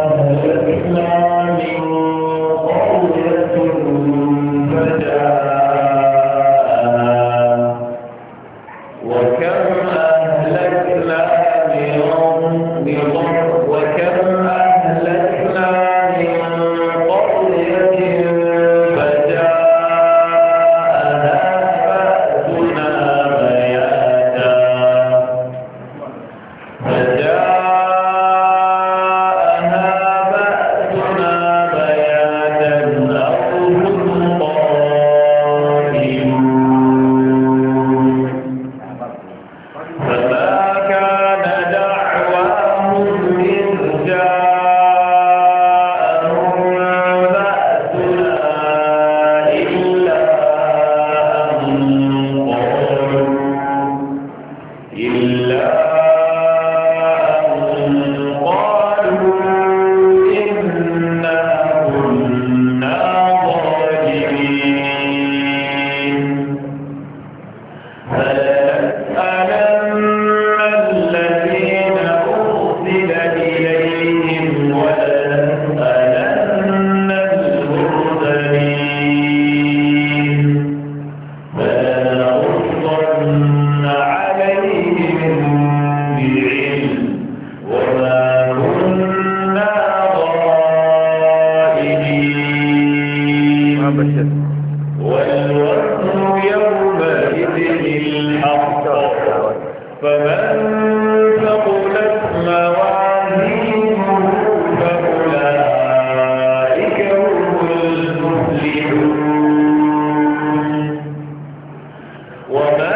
أهلكنا من قرية فجاءت 我们。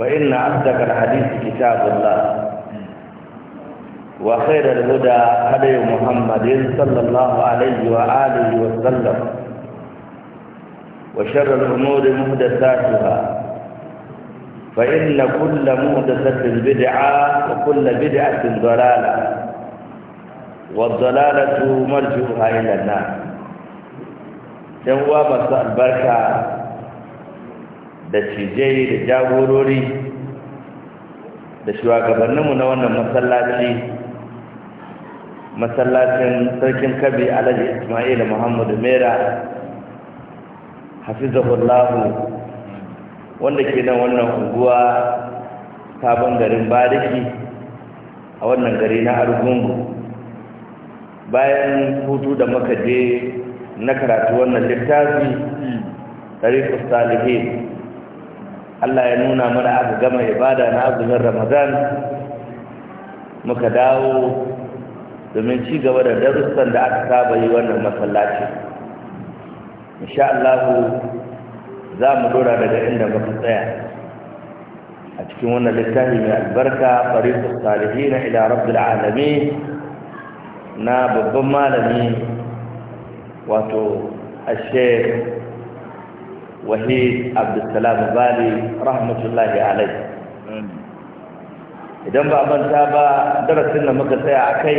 فإن أصدق الحديث كتاب الله وخير الهدى هدي محمد صلى الله عليه وآله وسلم وشر الأمور محدثاتها فإن كل محدثة بدعة وكل بدعة ضلالة والضلالة مرجوها إلى النار. يوم البركة da cijai da jagorori da shugabanninmu na wannan masallaci masallacin sarkin kabi alhaji ismail muhammadu mera hafizahullahu wanda ke nan wannan unguwa sabon garin bariki a wannan gari na argungu bayan hutu da muka je na karatu wannan littafi tarihi salihin Allah ya nuna mana aka gama ibada na azumin Ramadan muka dawo domin ci gaba da darussan da aka saba yi wannan masallaci insha Allah za mu dora daga inda muka tsaya a cikin wannan littafi mai albarka fariqus salihin ila rabbil alamin na babban malami wato ashe wahid abdulsalam bali rahmatullahi alai idan ba manta ba darasin da muka tsaya a kai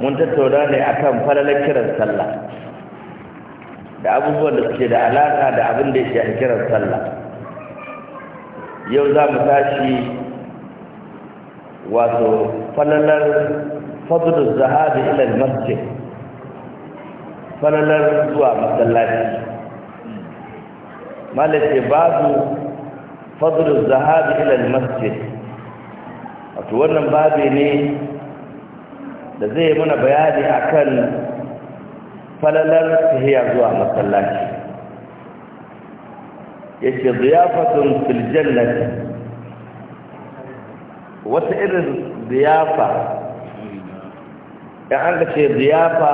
mun tattauna ne akan falalar kiran sallah da abubuwan da suke da alaƙa da abin da yake a kiran sallah yau za mu tashi wato falalar fadlul zahabi ila masjid falalar zuwa masallaci malaka babu fadlu zahab ila almasjid wato wannan babu ne da zai mana bayani akan falalar tahiyya zuwa masallaci yake ziyafatun fil jannati wata irin ziyafa da an ce ziyafa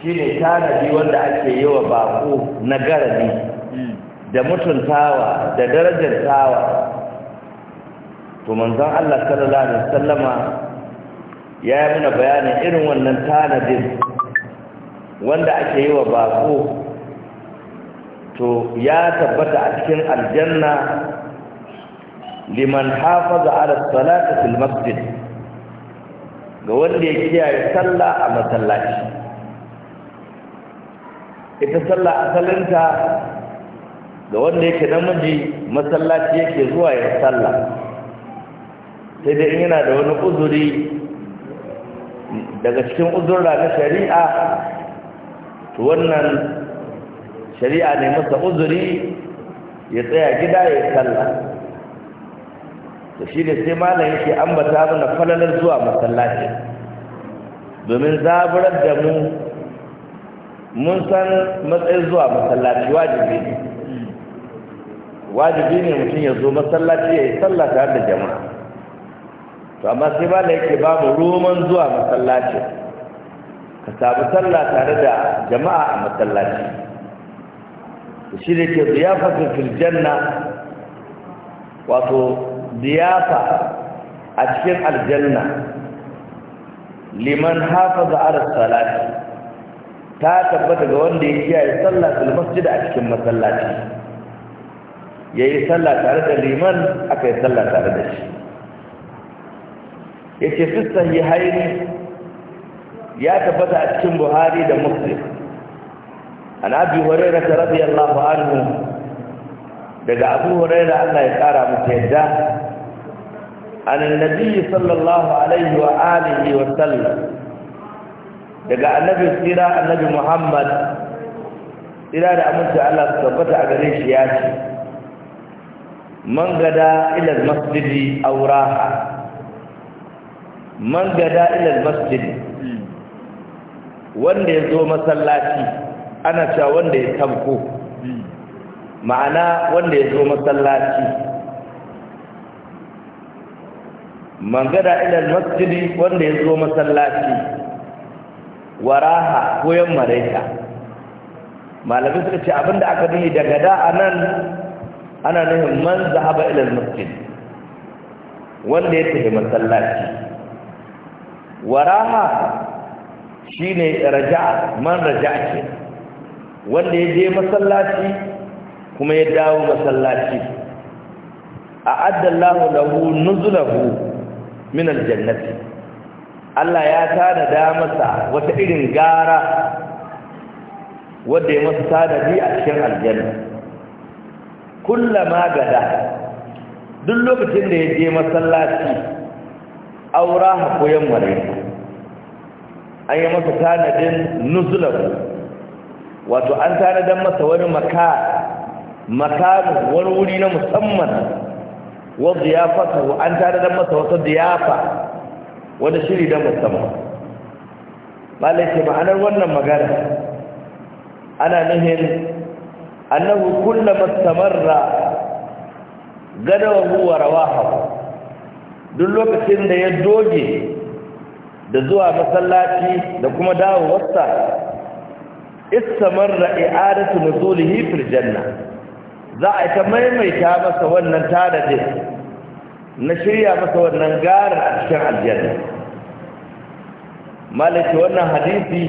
shi ne tanadi wanda ake yi wa baƙo na garani da mutuntawa da darajantawa to manzon Allah sallallahu alaihi wasallama ya yi mana bayanin irin wannan tanadin wanda ake yi wa bako to ya tabbata a cikin aljanna liman hafaza ala salati fil masjid ga wanda ya kiyaye sallah a masallaci ita sallah asalinta da wanda yake namiji masallaci yake zuwa ya salla sai dai yana da wani uzuri daga cikin uzurra na shari'a to wannan shari'a ne masa uzuri ya tsaya gida ya salla da shi ne sai malam yake ambata mana falalar zuwa masallaci domin zaburar da mu mun san matsayin zuwa masallaci wajibi ne wajibi ne mutum ya zo masallaci ya yi sallah tare da jama'a to amma sai ba da yake babu roman zuwa masallaci ka samu sallah tare da jama'a a masallaci shi ne ke ziyafatun filjanna wato ziyafa a cikin aljanna liman ga ala salati ta tabbata ga wanda ya kiyaye sallah fil masjid a cikin masallaci ya yi sallah tare da liman aka yi sallah tare da shi ya ce fistan yi haini ya tabbata a cikin buhari da muslim an abi hurera ta rabi allahu anhu daga abu hurera allah ya tsara mutu yadda an annabi sallallahu alaihi wa alihi wa sallam daga annabi tsira annabi muhammad tsira da aminci allah su tabbata a gare shi ya ce man gada ila masjidi auraha man gada ila masjidi wanda ya zo masallaci ana cewa wanda ya tabko ma'ana wanda ya zo masallaci man gada ila masjidi wanda ya zo masallaci waraha ko yamma malamin suka ce da aka nihi daga da anan ana nufin man zahaba ilal masjid wanda ya tafi masallaci waraha shine raja'a man raja'a ke wanda ya je masallaci kuma ya dawo masallaci a addallahu lahu nuzulahu min aljannati Allah ya da masa wata irin gara wanda ya masa tanadi a cikin aljanna Kulla magada, duk lokacin da ya je masallaci aura haƙoyen maraita an yi masa tanadin nuzular wato an tanadan masa wani maka wani wuri na musamman wanda ya fata an tanadan masa wata diyafa wani shiri na musamman malai ce ma'anar wannan magana ana nuhin annahu kullama istamarra gadawahu wa rawahahu duk lokacin da ya doge da zuwa masallaci da kuma dawowarsa istamarra i'adatu nuzulihi fil janna za a ta maimaita masa wannan tanadin na shirya masa wannan garar a cikin aljanna malaki wannan hadisi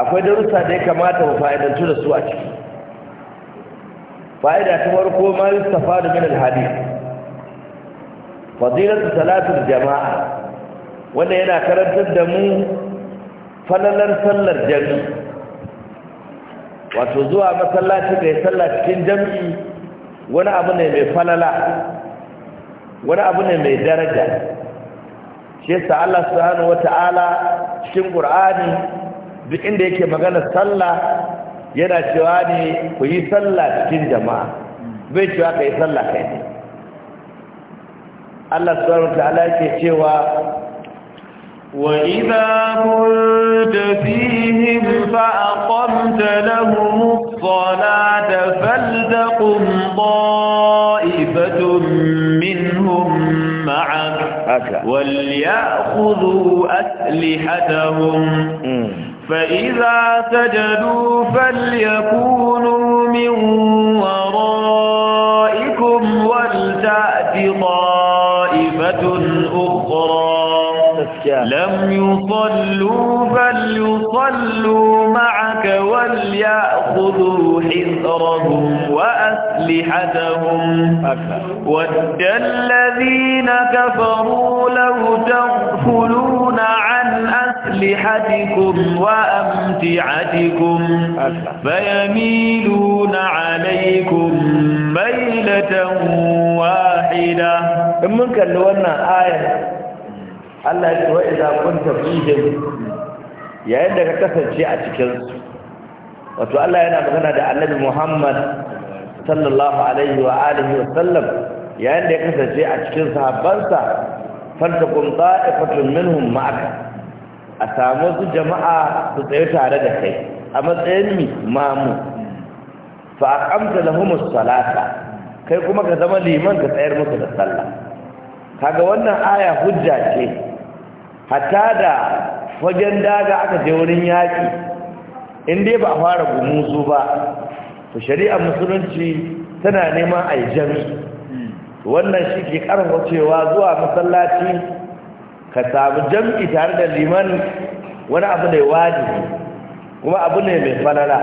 akwai darussa da ya kamata mu fa'idantu da su a ciki fa'ida ta farko ma da min alhadith fadilatu salatul jama'a wanda yana karantar da mu falalar sallar jami'i wato zuwa masallaci kai sallah cikin jami'i wani abu ne mai falala wani abu ne mai daraja shi yasa Allah subhanahu wata'ala cikin Qur'ani duk inda yake magana sallah yana cewa ne ku yi sallah cikin jama'a bai cewa ka yi sallah kai ne Allah subhanahu ta'ala yake cewa wa idza kunta fihim fa aqamta lahum as-salata faltaqum ta'ifatun minhum ma'ak وليأخذوا أسلحتهم فإذا سجدوا فليكونوا من ورائكم ولتأت طائفة أخرى لم يصلوا فليصلوا معك وليأخذوا حذرهم وأسلحتهم ود الذين كفروا لو تغفلون عنهم أسلحتكم وأمتعتكم فيميلون عليكم ميلة واحدة ممكن كلونا آية الله يقول وإذا كنت فيهم يا عندك تفهم شيء أتكلم وتو الله ينا بغنا دا النبي محمد صلى الله عليه وآله وسلم يا عندك تفهم شيء أتكلم صحابان فلتكن طائفة منهم معك a samu su jama'a su tsaye tare da kai a matsayin mi mamu fa aqamta lahumus salata kai kuma ka zama liman ka tsayar musu da sallah kaga wannan aya hujja ce hatta da fagen daga aka je wurin yaki in dai ba fara gumuzu ba to shari'ar musulunci tana neman aljami wannan shi ke karfafa cewa zuwa masallaci ka samu jam'i tare da liman wani abu ne wajibi kuma abu ne mai falala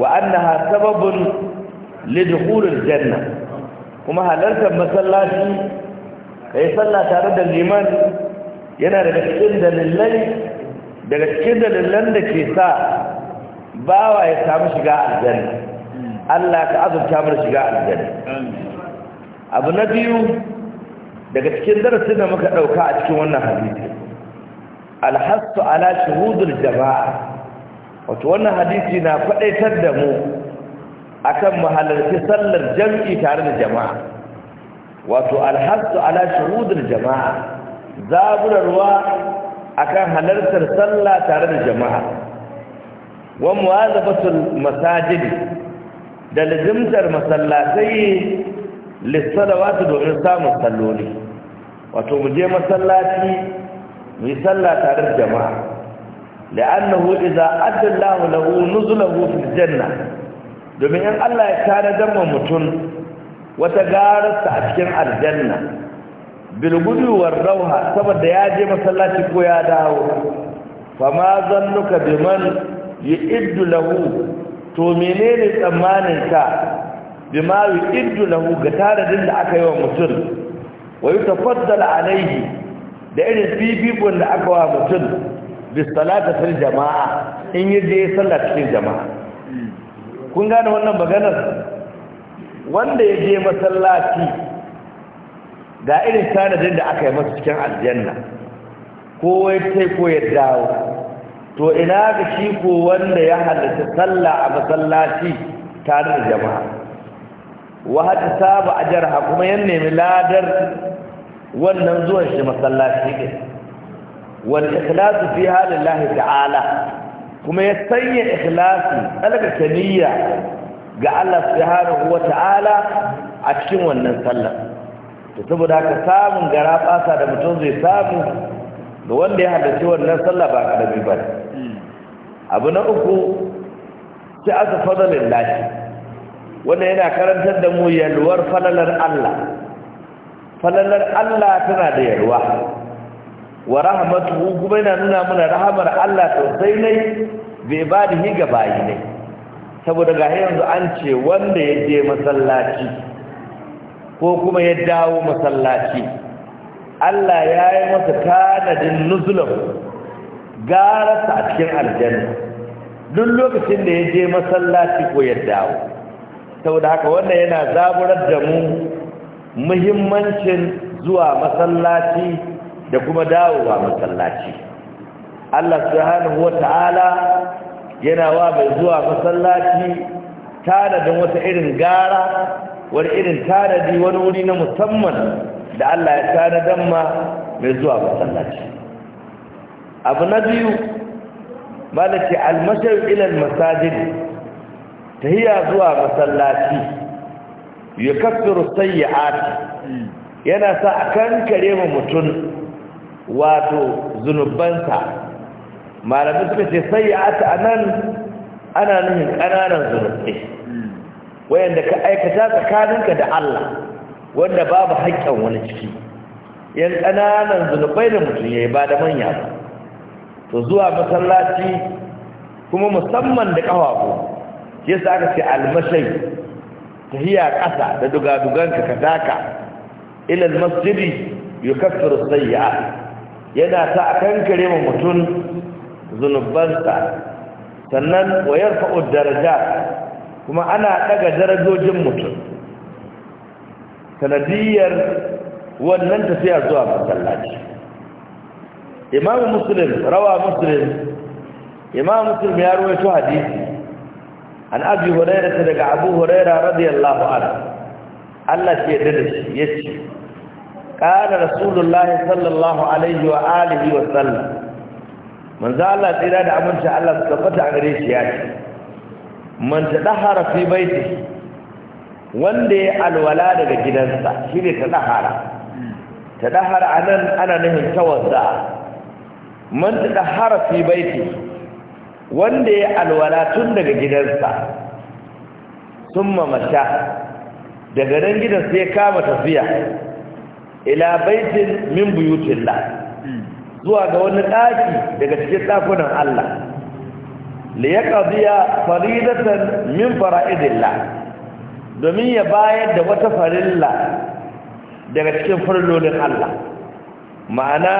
wa annaha sababun lidkhulil janna kuma halartar masallaci kai sallah tare da liman yana daga cikin dalilan daga cikin dalilan da ke sa bawa ya samu shiga aljanna Allah ka azurta mana shiga aljanna abu na biyu daga cikin darasin da muka dauka a cikin wannan hadisi alhassu ala shuhudul jama'a wato wannan hadisi na faɗaitar da mu akan mahalarci sallar jam'i tare da jama'a wato alhassu ala shuhudul jama'a zaburarwa akan halartar sallah tare da jama'a wa muwazabatul masajid da lazimtar masallatai lissalawatu domin samun salloli wato mu je masallaci mu yi sallah tare da jama'a la'annahu idza adda Allahu lahu nuzulahu fil janna domin in Allah ya tanadar ma mutum wata gararsa a cikin aljanna bil guduwar rauha saboda ya je masallaci ko ya dawo Fa ma zannuka biman yu'iddu lahu to menene tsammanin ka bima yuqiddu lahu ga taradin da aka yi wa mutum wa yutafaddal alaihi da irin fifikon da aka wa mutum bi fil jama'a in yi je sallah cikin jama'a kun gane wannan maganar wanda ya je masallaci ga irin tanadin da aka yi masa cikin aljanna ko wai sai ko ya dawo to ina ga shi ko wanda ya halatta sallah a masallaci tare da jama'a wa hata saba jarha kuma yan nemi ladar wannan zuwan shi masallaci ne Wani ikhlasu fi halillahi ta'ala kuma ya sanya ikhlasi tsalka niyya ga Allah subhanahu wa ta'ala a cikin wannan sallah to saboda haka samun gara fasa da mutum zai samu ga wanda ya halarci wannan sallah ba karami ba abu na uku sai aka fadalin wanda yana karantar da mu yalwar falalar Allah falalar Allah tana da yalwa wa rahmatuhu kuma yana nuna mana rahamar Allah sosai ne bai ba da higa bayi ne saboda ga yanzu an ce wanda ya je masallaci ko kuma ya dawo masallaci Allah ya yi masa tanadin nuzulan gara a cikin aljanna duk lokacin da ya je masallaci ko ya dawo saboda haka wannan yana zaburar da mu muhimmancin zuwa masallaci da kuma dawowa masallaci Allah subhanahu wata'ala yana wa mai zuwa masallaci taradin wata irin gara wani irin tanadi wani wuri na musamman da Allah ya da ma mai zuwa masallaci abu na biyu malaki almashar ilal masajid tahiya zuwa masallaci ya kafiru sayyi'ati yana sa a kankare mu mutum wato zunubansa malamin suka ce sayyi'ati anan ana nuhin ƙananan zunubai wayanda ka aikata tsakaninka da Allah wanda babu haƙƙin wani ciki yan ƙananan zunubai da mutum ya yi ba da manya ba to zuwa masallaci kuma musamman da ƙafafu yasa aka ce almashai hiya ƙasa da dugaduganka ka daka ilal masjidi yukaffiru sayyi'at yana ta kankare ma mutum zunubansa sannan wa yarfa'u daraja kuma ana daga darajojin mutum sanadiyar wannan tafiya zuwa masallaci imamu muslim rawa muslim imamu muslim ya rawaito hadisi an abi hurairah daga abu hurairah radiyallahu anhu Allah ke yarda da shi yace kana rasulullahi sallallahu alaihi wa alihi wa sallam manzo Allah tsira da aminci Allah su tabbata a gare shi yace man tadahara fi baiti wanda ya alwala daga gidansa shi ne ta shine tadahara tadahara anan ana nufin tawadda man tadahara fi baiti wanda ya alwala tun daga gidansa sun mamasha daga nan gidan sai kama tafiya ila baitin min buyutillah zuwa ga wani ɗaki daga cikin ɗakunan Allah li yaqdiya faridatan min fara'idillah domin ya bayar da wata farilla daga cikin farlolin Allah ma'ana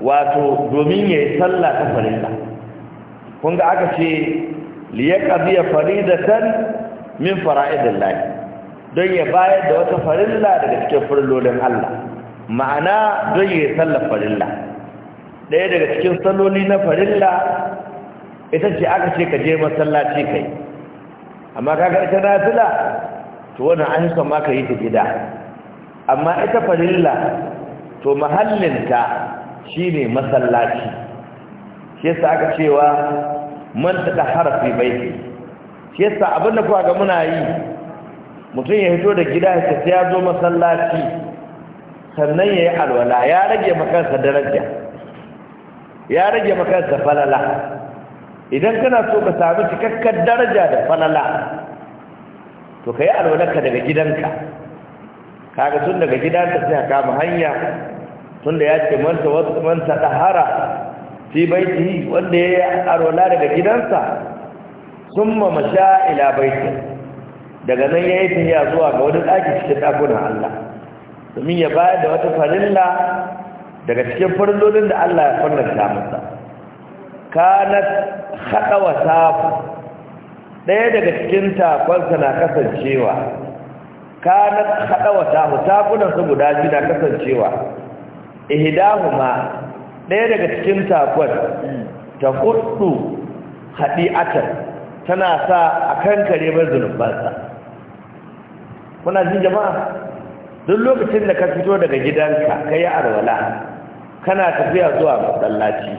wato domin yayi sallah ta farilla kun ga aka ce liyaqdiya faridatan min fara'idillah don ya bayar da wata farilla daga cikin farillolin Allah ma'ana don ya sallar farilla ɗaya daga cikin salloli na farilla ita ce aka ce ka je masallaci kai amma kaga ita na nafila to wannan an san ma ka yi ta gida amma ita farilla to mahallinta shine masallaci shi yasa aka cewa man ta baiti shi yasa abin da kuwa ga muna yi mutum ya hito da gida ya ya zo masallaci sannan ya yi alwala ya rage makansa daraja ya rage makansa falala idan kana so ka sami cikakkar daraja da falala to ka yi alwalarka daga gidanka kaga tun daga gidanka sai ka kama hanya tun da ya ce manta wasu manta ɗahara fi baiti wanda ya yi arola daga gidansa sun mamasha ila baiti daga nan ya yi tafiya zuwa ga wani ɗaki cikin ɗakunan Allah domin ya bayar da wata farilla daga cikin farillolin da Allah ya farnarta masa na haɗa wa safu ɗaya daga cikin takonsa na kasancewa na haɗa wa safu takunansa guda biyu na kasancewa ma. ɗaya daga cikin takwas ta haɗi haɗi'atar tana sa a kan kare bar zunubansa kuna jin jama'a duk lokacin da ka fito daga gidanka ka yi arwala kana tafiya zuwa matsalaci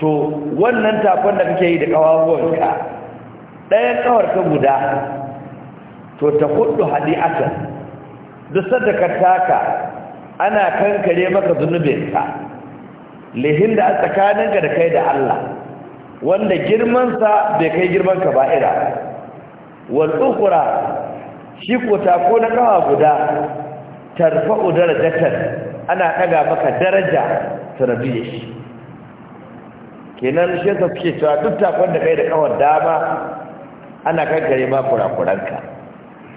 to wannan takon da kake yi da ƙawawanka ɗayan ƙawar ka guda to ta haɗi haɗi'atar duk sadda ka taka ana kankare maka zunubinka lehin da a tsakaninka da kai da Allah wanda girmansa bai kai girman ira, wal ukhra shi ko ta ko na kawa guda tarfa udara jatar ana daga maka daraja sanadiyar shi kenan shi yasa suke cewa duk takon da kai da kawar dama ana kankare ma kurakuranka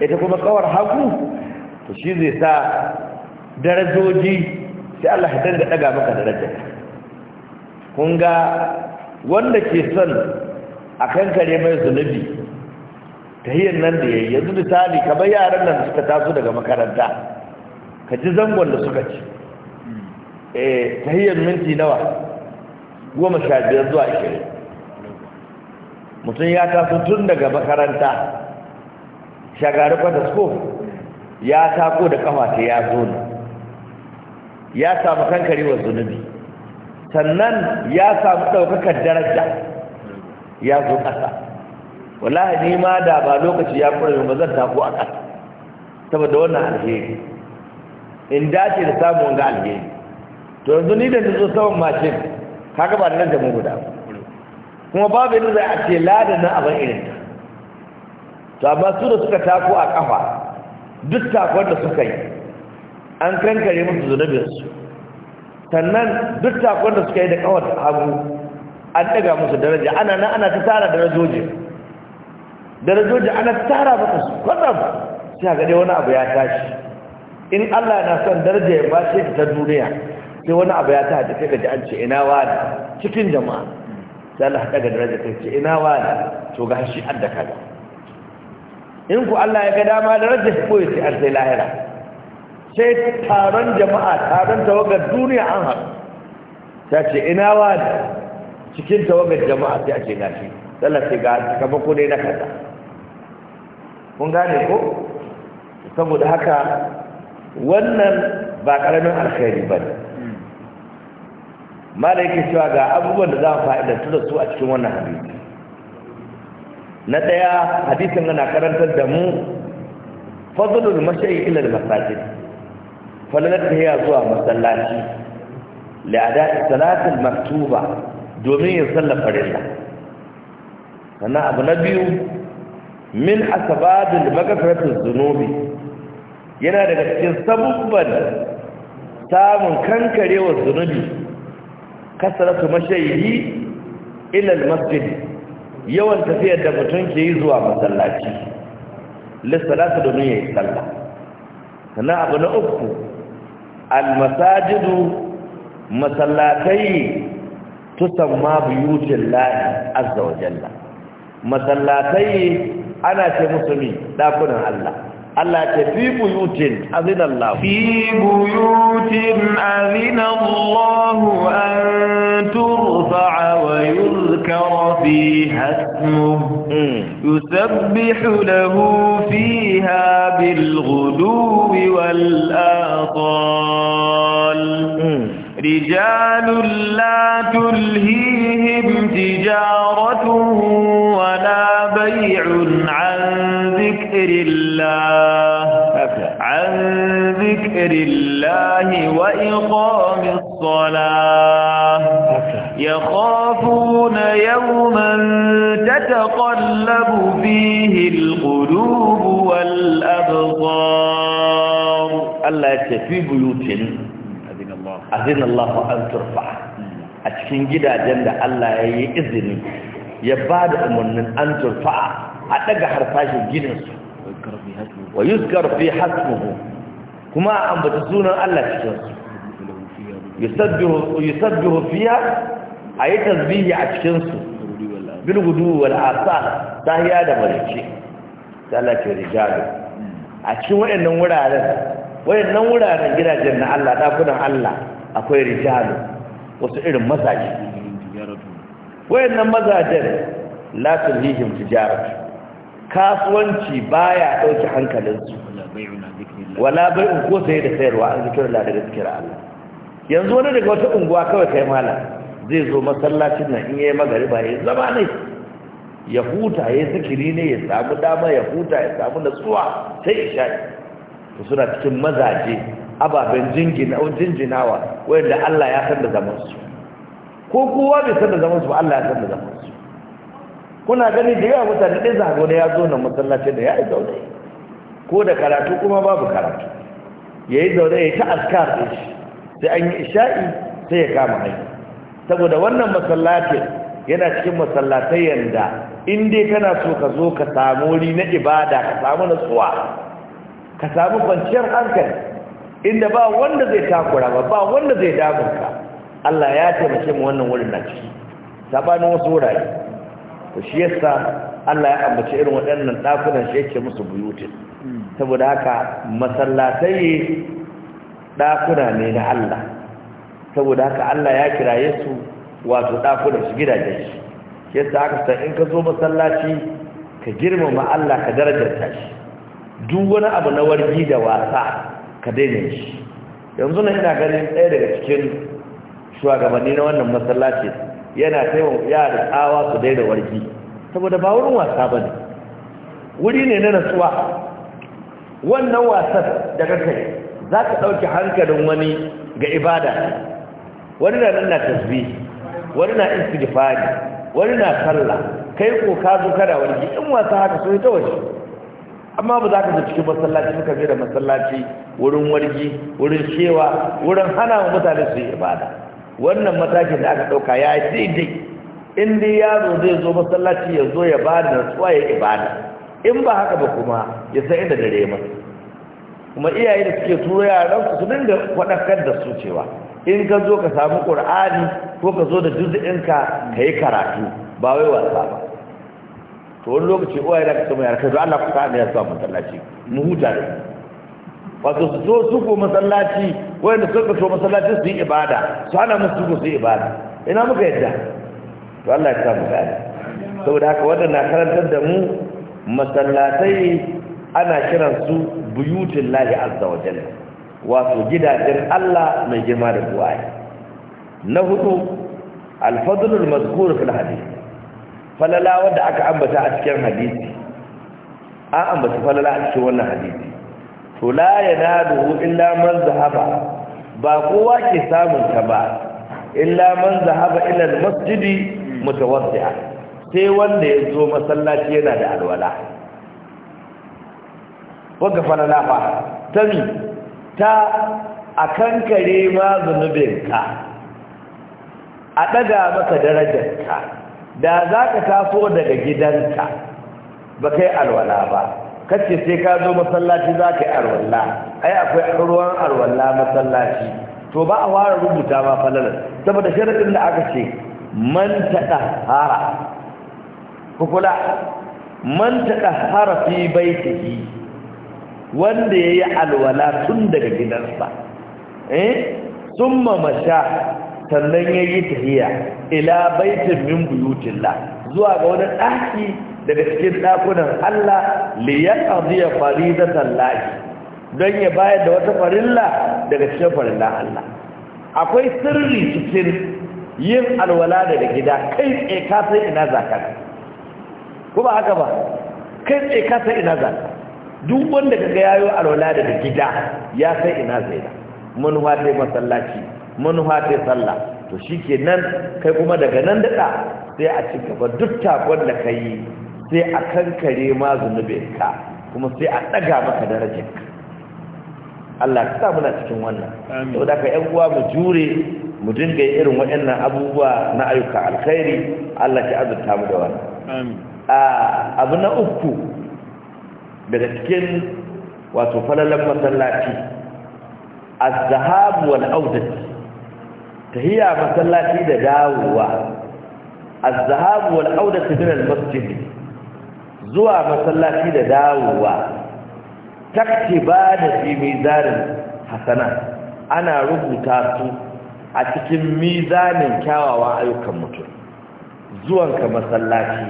ita kuma kawar hagu to shi zai sa darajoji sai Allah ya danga daga maka darajar kun ga wanda ke son a kankare mai zunubi ta hiyar nan da ya yi yanzu misali kamar yaran nan suka taso daga makaranta ka ji zangon da suka ci eh, ta hiyar minti nawa goma sha biyar zuwa ishirin mutum ya taso tun daga makaranta shagari kwata sko ya tako da kafa ta ya zo ya samu kankarewar zunubi sannan ya samu ɗaukakar daraja ya zo ƙasa wallahi ni ma da ba lokaci ya ƙura ba zan tako a ƙasa saboda wannan alheri in dace da samun ga alheri to yanzu ni da ni zo saman mashin ka gaba da mu guda kuma babu yadda zai a ce lada na abin irin ta to amma su da suka tako a ƙafa duk takon da suka yi an kankare musu zunubinsu sannan duk takon da suka yi da kawar hagu an daga musu daraja ana nan ana ta tara darajoji darajoji ana tara maka su kwanan sai ga dai wani abu ya tashi in Allah na son daraja ya bace ta duniya sai wani abu ya tashi sai kai ji an ce ina wani cikin jama'a sai Allah daga daraja ta ce ina wani to ga shi an da kaza in ku Allah ya ga dama daraja ko ya ce an sai lahira sai taron jama'a taron tawagar duniya an haɗu ta ce ina wa cikin tawagar jama'a sai a ce gashi sallar ce ga sakamako ne na kaza kun gane ko saboda haka wannan ba ƙaramin alkhairi ba ne mala yake cewa ga abubuwan da za mu fa'idantu da su a cikin wannan hadisi na ɗaya hadisin yana karantar da mu fadlul mashayi ila al-masajid falalar tahiya zuwa masallaci la'ada salatul maktuba domin ya sallafa farilla sannan abu na biyu min asbabul maghfiratiz zunubi yana daga cikin sabubban samun kankarewar zunubi kasaratu mashayi ila almasjid yawan tafiyar da mutum ke yi zuwa masallaci lissalatu domin ya yi sallah sannan abu na uku المساجد مسلاتي تسمى بيوت الله عز وجل مسلاتي انا كمسلم داكن الله الله في بيوت اذن الله في بيوت اذن الله ان ترفع ويو ذكر فيها اسمه يسبح له فيها بالغدو والآطال رجال لا تلهيهم تجارة ولا بيع عن ذكر الله عن ذكر الله وإقام الصلاة يخافون يوما تتقلب فيه القلوب والأبصار الله في بيوت أذن الله أن ترفع أتكين جدا جند الله يئذن يبادئ من أن ترفع أتقى حرفاش جنسه wa yuzkar fi hasbuhu kuma an ambaci sunan Allah cikin su yusabbihu yusabbihu a ayi tasbihi a cikin su bil gudu wal asar tahiya da barci Allah ce rijalu a cikin wayannan wuraren wayannan wuraren gidajen na Allah dakunan Allah akwai rijalu wasu irin mazaje wayannan mazajen la tulhihim tijaratu kasuwanci baya ɗauki su. wala bai ko sai da sayarwa an zikira Allah da zikira Allah yanzu wani daga wata unguwa kawai kai mala zai zo masallacin nan in yayi magariba yayi zama ne ya huta yayi zikiri ne ya samu dama ya huta ya samu nutsuwa sai isha to suna cikin mazaje ababen jingina jinjinawa wanda Allah ya san da zaman su ko kowa bai san da zaman su ba Allah ya san da zaman su kuna gani da yawa mutane ɗin zago da ya zo na masallaci da ya yi zaune ko da karatu kuma babu karatu ya yi zaune ya ta askar da shi sai an yi isha'i sai ya kama hanyar saboda wannan masallacin yana cikin masallatai yanda in dai kana so ka zo ka samu wuri na ibada ka samu nutsuwa ka samu kwanciyar hankali inda ba wanda zai takura ba ba wanda zai damunka Allah ya taimake mu wannan wurin na ciki sabanin wasu wurare to shi yasa Allah ya ambaci irin waɗannan ɗakunan shi yake musu buyutin saboda haka masallatai ɗakuna ne na Allah saboda haka Allah ya kiraye su wato ɗakunan shi gidajen shi yadda aka san in ka zo masallaci ka girmama Allah ka darajarta shi duk wani abu na wargi da wasa ka daina shi yanzu na ina ganin ɗaya daga cikin shugabanni na wannan masallaci yana taimakon da tsawa su daina wargi. saboda ba wurin wasa ba ne wuri ne na nasuwa wannan wasan da kakai za ka ɗauki hankalin wani ga ibada wani na nan na tasbi wani na istighfari wani na sallah kai ko ka zo kada warki in wasa haka so ta waje amma ba za ka zo cikin masallaci suka je da masallaci wurin wargi, wurin shewa wurin hana wa mutane su yi ibada wannan matakin da aka ɗauka ya yi daidai in dai yaro zai zo masallaci ya zo ya ba da ya ibada in ba haka ba kuma ya san inda dare masa kuma iyaye da suke turo yaran su dinga faɗakar da su cewa in ka zo ka samu ƙur'ani ko ka zo da juzu'inka ka yi karatu ba wai wasa ba to wani lokaci uwaye da ka samu yarka zo Allah ku ka ne ya samu masallaci mu huta da wato su zo su ko masallaci wanda suka so masallaci su yi ibada su ana musu su su yi ibada ina muka yadda to Allah ya sa mu gani saboda haka waɗanda karantar da mu masallatai ana kiran su buyutin lahi azza wa jalla wato gidajen Allah mai girma da buwaye na hudu al mazkur fil hadith falala wanda aka ambata a cikin hadisi an ambata falala a cikin wannan hadisi to la duhu illa man zahaba ba kowa ke samun ta ba illa man zahaba ila almasjidi mutawassi'a sai wanda ya zo masallaci yana da alwala wanda na fa tani ta akan kare ma zunubinka a daga maka darajarka da za ka taso daga gidanka ba kai alwala ba kace sai ka zo masallaci za ka yi arwalla ai akwai ruwan arwalla masallaci to ba a ware rubuta ma falalar saboda sharaɗin da aka ce man taɗa hara kukula man taɗa hara fi baitihi wanda ya yi alwala tun daga gidansa eh summa masha sannan ya yi tahiya ila baitin min buyutillah zuwa ga wani ɗaki daga cikin ɗakunan Allah li yaqdiya faridatan lahi don ya bayar da wata farilla daga cikin farilla Allah akwai sirri cikin yin alwala daga gida kai tsaye ka sai ina zaka kuma ba haka ba kai tsaye ka sai ina zaka duk wanda kaga yayo alwala daga gida ya sai ina zai da mun wata masallaci manufa ta sallah to shi nan kai kuma daga nan daɗa sai a ci gaba duk takon da ka yi sai a kankare ma zunubinka kuma sai a ɗaga maka ka. Allah ta sa muna cikin wannan da ka yan uwa mu jure mu dinga irin waɗannan abubuwa na ayyuka alkhairi Allah ta azurta mu da wannan abu na uku daga cikin wato falalan masallaci az zahabuwan wal tahiyya masallaci da dawowa az-zahabu wal audatu min al-masjid zuwa masallaci da dawowa taktiba da fi mizanin hasana ana rubuta su a cikin mizanin kyawawa ayyukan mutum zuwanka masallaci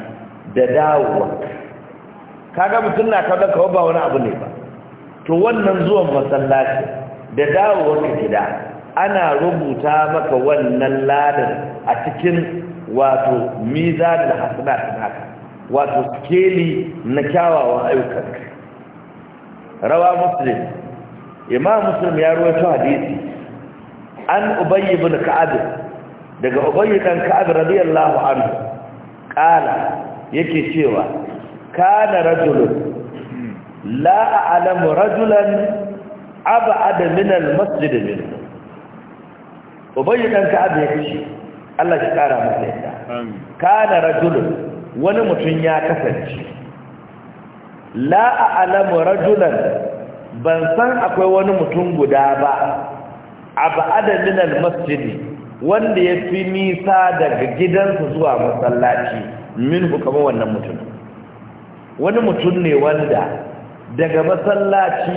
da dawowanka kaga mutum na kallon kawo ba wani abu ne ba to wannan zuwan masallaci da dawowanka gida ana rubuta maka wannan ladan a cikin wato mizanin hasanat naka wato skeli na kyawawan ayyukanka rawa muslim imam muslim ya rawaito hadisi an ubay ibn ka'ab daga ubay dan ka'ab radiyallahu anhu kana yake cewa kana rajulun la a'lamu rajulan ab'ada min al-masjid minhu ubayyu dan ka'ab ya shi. Allah shi kara masa yadda kana rajul wani mutum ya kasance la a'lamu rajulan ban san akwai wani mutum guda ba abada min al-masjid wanda ya fi nisa daga gidansa zuwa masallaci min ku hukama wannan mutum wani mutum ne wanda daga masallaci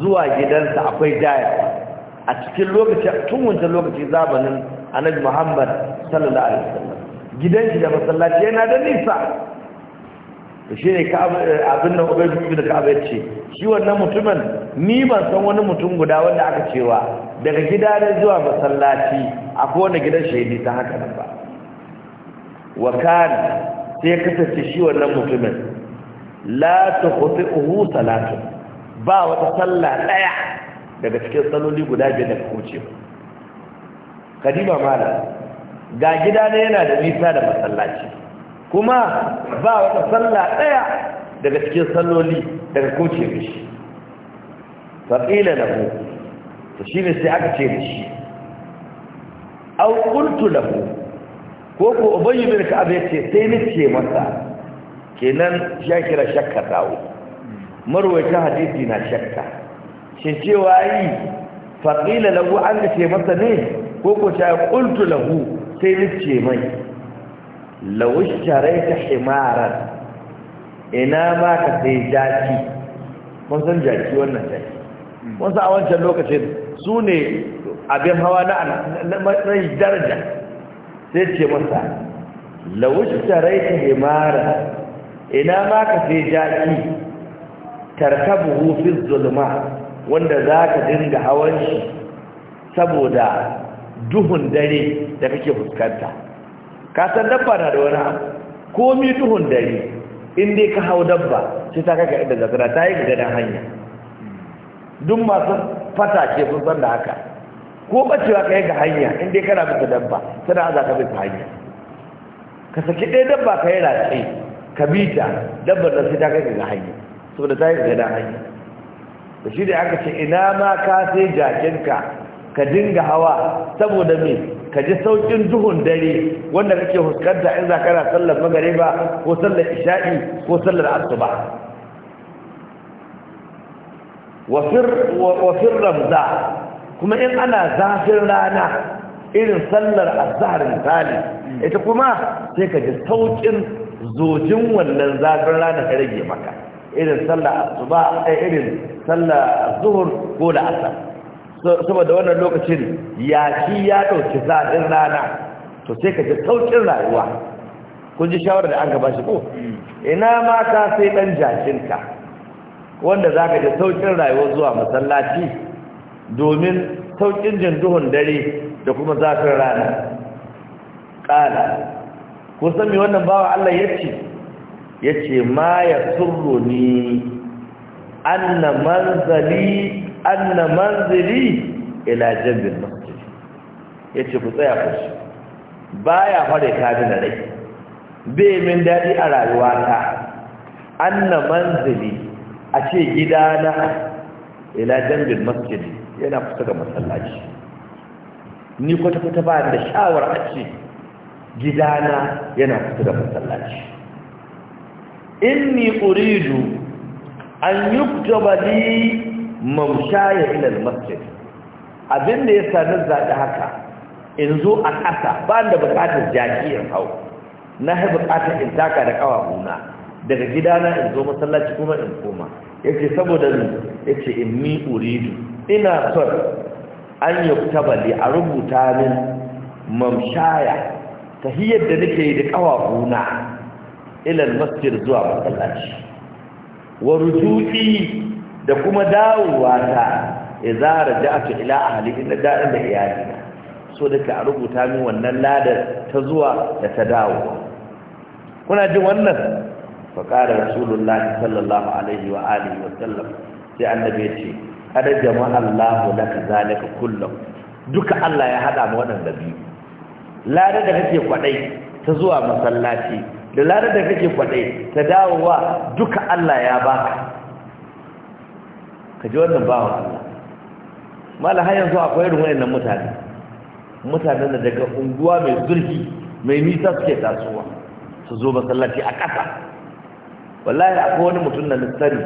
zuwa gidansa akwai jayawa a cikin lokaci tun wancan lokaci zabanin annabi muhammad sallallahu alaihi wasallam gidan shi da masallaci yana da nisa to shi ne eh, abin da ubai fi da ka'aba ce shi wannan mutumin ni ban san wani mutum guda wanda aka cewa daga gida ne zuwa masallaci akwai wanda gidan shahidi ta haka nan ba wa kan sai kasance shi wannan mutumin la tuhtihu salatu ba wata sallah daya daga cikin saloli guda biyar da ka kadima mala ga gida ne yana da nisa da masallaci kuma ba wata sallah daya daga cikin saloli daga kauce shi faqila lahu to shine sai aka ce shi, aw qultu lahu ko ko ubayyi bin ka'ab yace sai ni ce masa kenan shakira shakka tawo ta hadisi na shakka shi cewa yi faƙila lahu an da ce masa ne ko ko ta ƙultu lahu sai ni ce mai lawusharai ta Himara. ina ma ka sai jaki mun san jaki wannan jaki mun san a wancan lokacin su ne abin hawa na mai daraja sai ce masa lawusharai ta Himara. ina ma ka sai jaki tarkabu fi zulma wanda za ka dinga hawan shi saboda duhun dare da kake fuskanta ka san dabba na da wani komi duhun dare in dai ka hau dabba sai ta kaka inda zakara ta yi gada hanya duk masu fata ce sun san da haka ko bacewa ka yi ga hanya in dai kana bisa dabba tana za ka bisa hanya ka saki ɗaya dabba ka yi race ka bi ta dabbar da sai ta kaka ga hanya saboda ta yi gada hanya to shi da aka ce ina ma ka sai jakinka ka dinga hawa saboda me ka ji saukin duhun dare wanda kake huskanta in za ka na sallar magariba ko sallar isha'i ko sallar asuba wafin ramza kuma in ana zafin rana irin sallar azhar misali ita kuma sai ka ji saukin zojin wannan zafin rana ka rage maka irin sallar asuba eh, irin sallah zuhur ko da asar saboda wannan lokacin yaki ya ɗauki zaɗin rana to sai ka ji saukin rayuwa kun ji shawarar da an gaba shi ko ina mata sai ɗan jakinka wanda za ka ji saukin rayuwa zuwa masallaci domin saukin jin duhun dare da kuma zafin rana ƙala ko sami wannan bawa Allah ya ce ya ce ma ya surro ni anna manzali anna manzili ila jambil masjid yace ku tsaya ku shi baya fare ta da rai Be min dadi a rayuwata anna manzili a ce gidana ila jambin masjid yana kusa ga masallaci ni kwata kwata ba da shawar a ce gidana yana kusa da masallaci inni uridu an yuktaba mamshaya ilal masjid abin ya sami zaɗi haka in zo a ƙasa ba da buƙatar jaki in hau na yi buƙatar in taka da ƙawahuna daga gidana in zo masallaci kuma in koma ce saboda ni ce in mi uridu ina son an yuktaba a rubuta min mamshaya ta hiyar da nake yi da ƙawahuna ilal masjid zuwa masallaci wa da kuma dawowa ta idza raja'tu ila ahli inda da'in da iyali so da a rubuta min wannan ladar ta zuwa da ta dawo kuna jin wannan fa qala rasulullah sallallahu alaihi wa alihi wa sallam sai annabi ya ce kada jama'a Allahu laka zalika kullum duka Allah ya hada mu waɗanda biyu ladar da kake kwadai ta zuwa masallaci da lada da kake kwaɗe ta dawowa duka Allah ya baka ka ji wannan wa Allah mala har yanzu akwai irin wayannan mutane mutanen da daga unguwa mai zurfi mai nisa suke tasowa su zo masallaci a ƙasa wallahi akwai wani mutum na nistari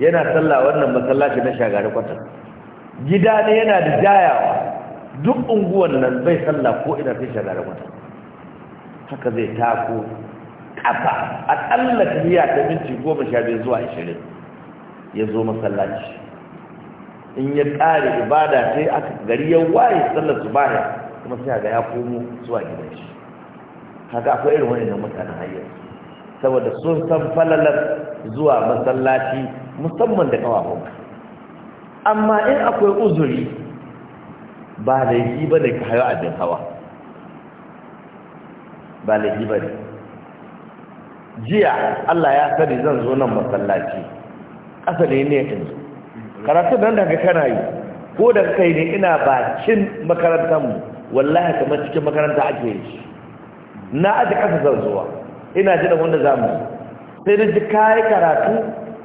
yana sallah wannan masallaci na shagari kwatar gida ne yana da jayawa duk unguwan nan bai sallah ko ina sai shagari kwatar haka zai tako a aƙalla tafiya ta minti goma sha biyu zuwa ashirin ya zo masallaci in ya ƙare ibada sai aka gari ya waye sallar su baya kuma sai ga ya komo zuwa gidan shi haka akwai irin wani mutanen hanyar saboda sun san falalar zuwa masallaci musamman da kawafin amma in akwai uzuri ba laifi ba ne ka hayo bin hawa ba laifi ba ne jiya Allah ya sani zan zo nan masallaci asali ne in zo karatu nan daga kana yi ko da kai ne ina bakin makarantar mu wallahi kamar cikin makaranta ake yi na aji kasa zan zuwa ina jira wanda za mu sai na ji kayi karatu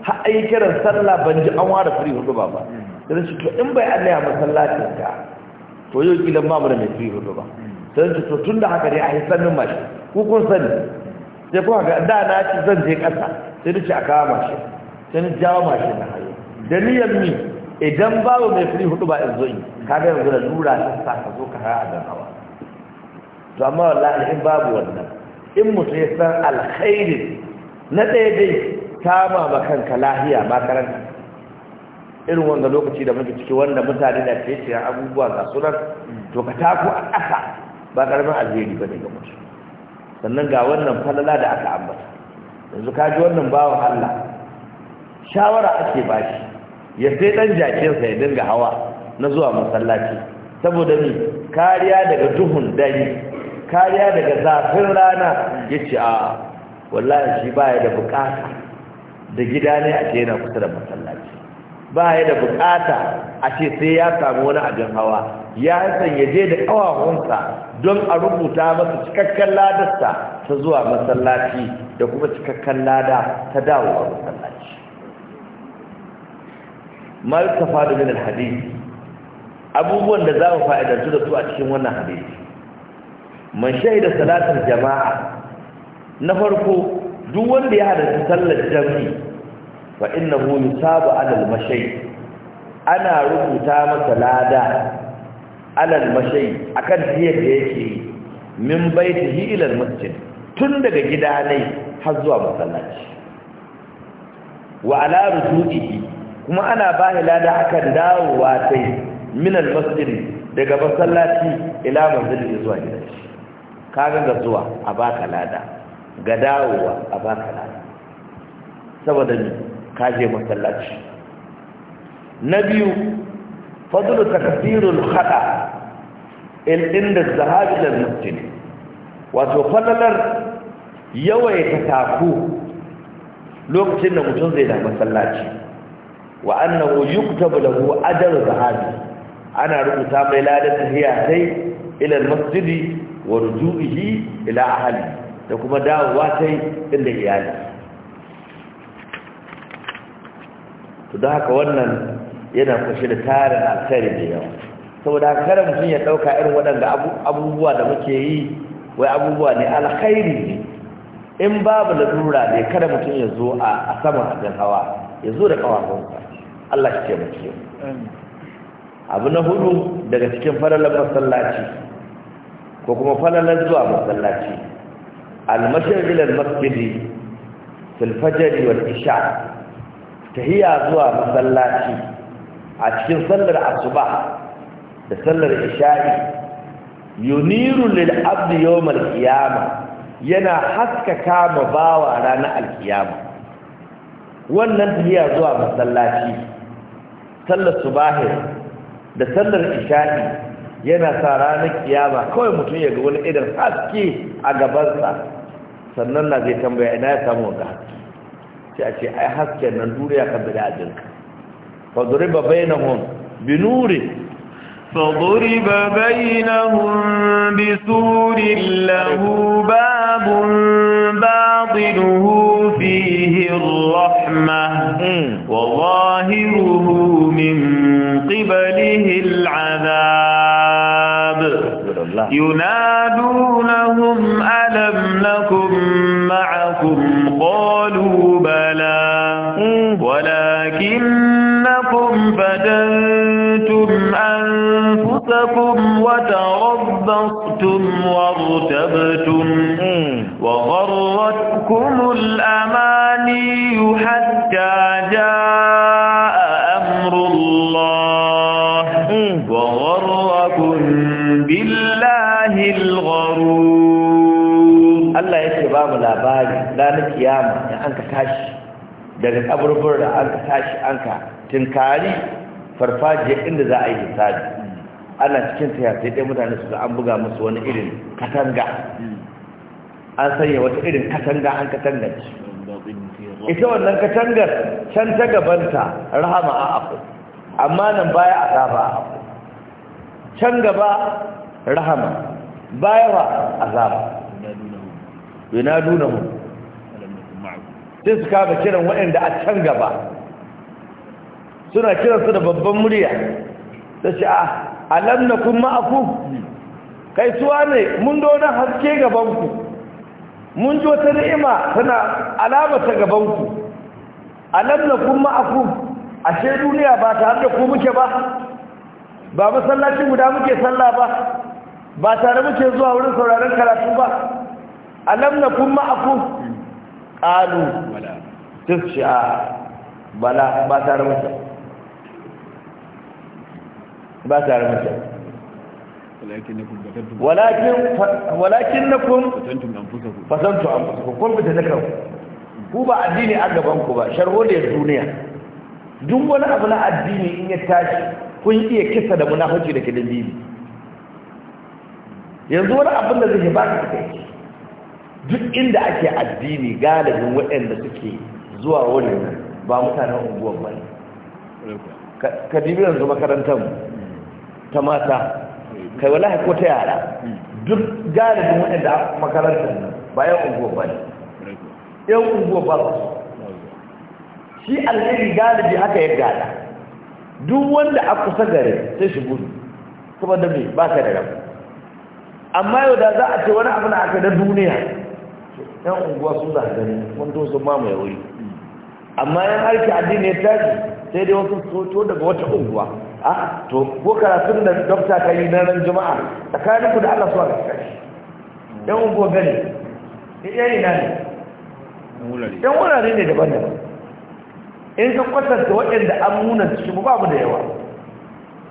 ha ayi kiran sallah ban ji an ware firi hudu ba ba sai su to in bai Allah ya masallaci ka to yau kilan ba mu da mai firi hudu ba sai su to tunda haka dai a hisanin mashi ku kun sani sai kuma ga da na ci zan je ƙasa sai da ci a kawo mashin sai na jawo mashin na hayo da ni mi idan babu mai fili hudu ba in zo yi ka ga yanzu da lura ta sa ka zo ka haya a gan hawa to amma wallahi in babu wannan in mutum ya san alkhairi na ɗaya dai kama ma kanka lahiya makaranta irin wanda lokaci da muke ciki wanda mutane da ke siyan abubuwa ga sunan to ka taku a ƙasa ba ƙaramin alheri ba ne ga mutum sannan ga wannan falala da aka ambata yanzu ka ji wannan bawan Allah shawara ake shi ya sai dan jakinsa ya dinga hawa na zuwa masallaci saboda ni kariya daga duhun dani kariya daga zafin rana ya ce a wallahi shi baya da bukata da gida ne a ce yana kusa da masallaci ba ya da bukata a ce sai ya samu wani abin hawa ya san ya je da kawahunsa don a rubuta masa cikakken ladarsa ta zuwa masallaci da kuma cikakken lada ta dawo a masallaci mal tafadu min alhadisi abubuwan da za mu fa'idantu da su a cikin wannan hadisi man shaida salatar jama'a na farko duk wanda ya halarci sallar jami'i fa innahu yusabu sabu mashay ana rubuta masa lada alal mashay akan tiyar da yake min baitihi ila masjid tun daga gida har zuwa masallaci wa ala rujuihi kuma ana bahi lada akan dawowa sai min al masjid daga masallaci ila manzili zuwa gida ka ga zuwa a baka lada ga dawowa a baka lada saboda ni ka je masallaci na biyu fadlu takfirul khata in inda zahabi da mutune wato falalar yawaita taku lokacin da mutum zai da masallaci wa annahu yuktabu lahu ajr zahabi ana rubuta mai ladan tahiya sai ila masjidi wa rujuihi ila ahli da kuma dawowa sai inda iyali don haka wannan yana kushe da tarin alkhairi da yawa saboda kada mutum ya ɗauka irin waɗanda abubuwa da muke yi wai abubuwa ne alkhairi ne in babu lalura ne kada mutum ya zo a saman abin hawa ya zo da ƙawafinsa Allah shi taimake abu na hudu daga cikin falalar masallaci ko kuma falalar zuwa masallaci almashar ilal masjidi fil fajr wal isha tahiya zuwa masallaci a cikin sallar asuba da sallar isha'i yuniru lil abdi yawmal qiyama yana haskaka ma bawa ranar alkiyama wannan tahiya zuwa masallaci sallar subahir da sallar isha'i yana sa ranar kiyama kawai mutum ya ga wani idan haske a gabansa sannan na zai tambaya ina ya samu wanda haske چې احد کې نور یا قدر اجل فضرب بينهم بنور فضرب بينهم بسور له باب باطنه فيه الرحمة وظاهره من قبله العذاب ينادونهم ألم لكم دينكم وتربصتم وارتبتم وغرتكم الأماني حتى جاء أمر الله وغركم بالله الغرور الله يتباب الأباني لا نكيام أنك تاشي daga kaburbar da an ka tashi an ka tinkari farfajiyar inda za a yi hisabi ana cikin ta sai dai mutane su ga an buga musu wani irin katanga an sanya wata irin katanga an katanga ita wannan katangar can ta gabanta rahama a aku amma nan baya a zaba a aku can gaba rahama baya wa azaba mu sai su kama kiran waɗanda a can gaba suna kiransu da babban murya ta ce a ah, alam kun ma'afu kai suwa ne mun dona haske gaban ku mun ji wata ni'ima tana alama ta gaban ku alam ma'afu a ashe duniya ba ta da ku muke ba ba masallaci guda muke sallah ba ba tare muke zuwa wurin sauraron karatu ba alam kun ma'akum qalu bala tisha ah, bala ba tare muke ba tare mace walakin na kun fasantu an fusa kun fita na kan ku ba addini a gaban ku ba sharholiyar duniya duk wani abu na addini in ya tashi kun iya kisa da munafaci da kidan dini yanzu wani abin da zai ba ka kai duk inda ake addini galibin waɗanda suke zuwa wani ba mutanen unguwan ba ne ka dibi yanzu makarantar mu ta mata kai wala ko ta yara duk galibin waɗanda makarantar nan 'yan unguwa ba ne yan unguwa ba su shi alheri galibi haka ya gada duk wanda a kusa gare sai shi gudu kuma da mai ba ka da rabu amma yau da za a ce wani abu na aka da duniya yan unguwa sun za a gani mun to sun mamaye wuri amma yan harki addini ya tashi sai dai wasu soto daga wata unguwa a to ko karatun da dokta ka yi na ran juma'a tsakanin ku da Allah suwa kai dan yan ungo gani ɗaya ne na ne yan wurare ne daban-daban in ka kwatanta waɗanda an nuna cikin babu da yawa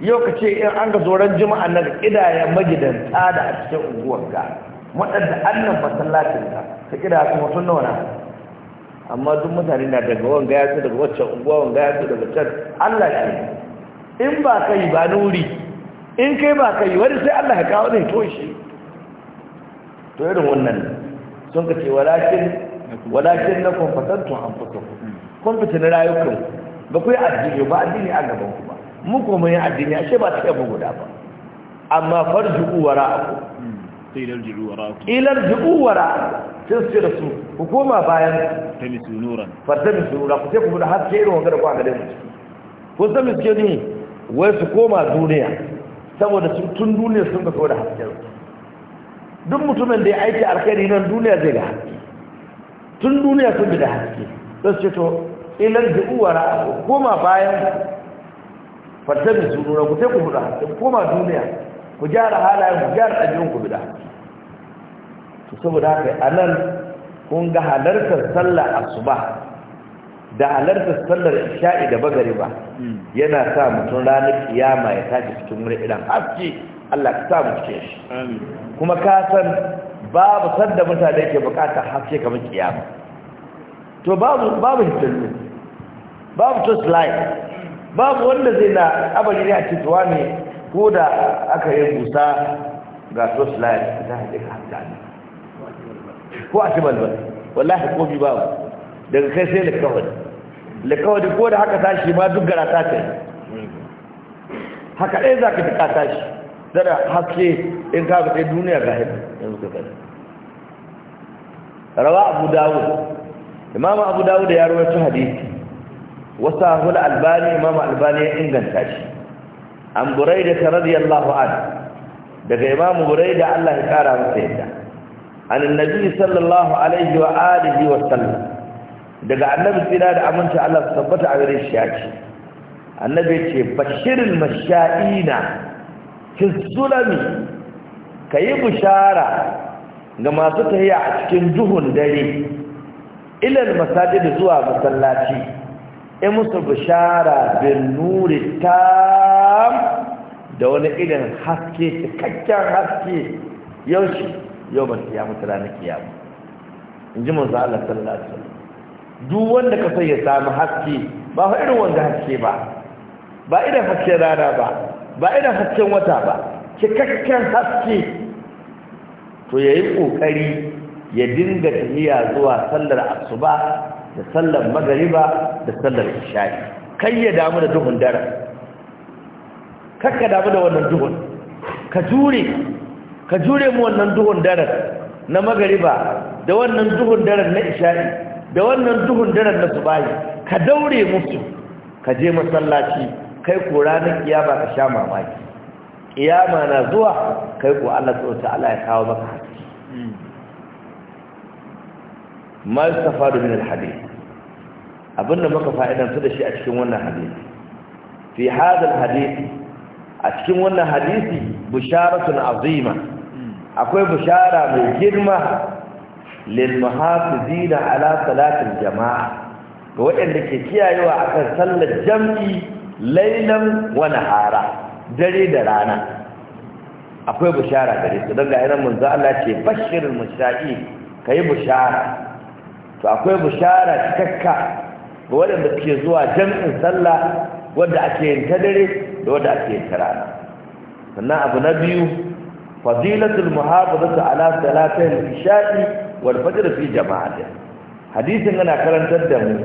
yau ka ce in an ga zoron juma'a na ƙidaya magidanta da a cikin unguwar ga waɗanda annan masallacin ka ka kira su mutum nawa na amma duk mutane na daga wanga ya daga waccan unguwa wanga ya daga can Allah yi. in ba kai ba nuri in kai ba kai wani sai Allah ya kawo ne to shi to irin wannan sun ka ce walakin walakin na kwamfatattu an fito kun na rayukan ba ku yi addini ba addini a gaban ku ba mu kuma mun yi addini ashe ba ta yabo guda ba amma far a ku. ilar ji'u wara sun su da su ku koma bayan ta misu nuran farta misu nuran ku ce ku da haske irin wanga da kwa gare su ku san miske ne wai su koma duniya saboda tun duniya sun ga da hasken duk mutumin da ya aiki alkhairi nan duniya zai ga haske tun duniya sun bi da haske don su ce to ilan da uwara koma bayan fattabi su nuna ku sai ku bi da haske koma duniya ku gyara halayen ku gyara ɗabi'un ku bi da haske saboda haka a nan kun ga halartar sallah asuba da halartar sallar isha'i da ba yana sa mutum ranar kiyama ya tashi cikin wurin idan haske Allah ka sa mu cikin shi kuma ka san babu sanda mutane ke bukatar haske kamar kiyama to babu babu hitillu babu to slide babu wanda zai na abali ne a cikuwa ne ko da aka yi busa ga to slide ta haɗe ka ne ko a ci balbal wallahi ko bi babu daga kai sai da kawai lakawadi ko da haka tashi ma duk gara ta ta haka ɗaya za ka fi kata shi zara haske in ka fi duniya ga haifu yanzu ka gani rawa abu dawud imama abu dawud ya rawaito hadisi wasa hul albani imama albani ya inganta shi an buraida ta radiyallahu anhu daga imamu buraida Allah ya kara masa yadda an annabi sallallahu alaihi wa alihi wa sallam daga annabi tsira da aminta Allah su tabbata a gare shi ya ce annabi ya ce bashirin masha'ina fi zulami ka yi bishara ga masu tahiya a cikin duhun dare ilal masajid zuwa masallaci ya musu bishara bin nuri tam da wani irin haske cikakken haske yau shi yau ba su ya mutu ranar kiyama in ji mun Allah sallallahu alaihi wasallam duk wanda ka sai ya samu haske ba fa irin wanda haske ba ba irin hasken rana ba ba irin hasken wata ba cikakken haske to yayi kokari ya dinga tafiya zuwa sallar asuba da sallar magariba da sallar isha'i kai ya damu da duhun dare kakka damu da wannan duhun ka jure ka jure mu wannan duhun dare na magariba da wannan duhun dare na isha'i da wannan duhun daren na su bayi ka daure musu ka je masallaci kai ko ranar kiyama ka sha mamaki kiyama na zuwa kai ko Allah Allah ya kawo maka haske ma yustafadu min alhadith abinda muka su da shi a cikin wannan hadisi fi hadal hadisi a cikin wannan hadisi bisharatun azima akwai bishara mai girma lilmuhafizina ala salatin jama'a ga waɗanda ke kiyayewa akan sallar jam'i lailan wa nahara dare da rana akwai bishara gare su don ga Allah ce bashirin musha'i kai bishara to akwai bishara cikakka ga waɗanda ke zuwa jam'in sallah wanda ake yin ta dare da wanda ake ta rana sannan abu na biyu fadilatul muhafazatu ala salatin wal fajr fi jama'a hadisin yana karantar da mu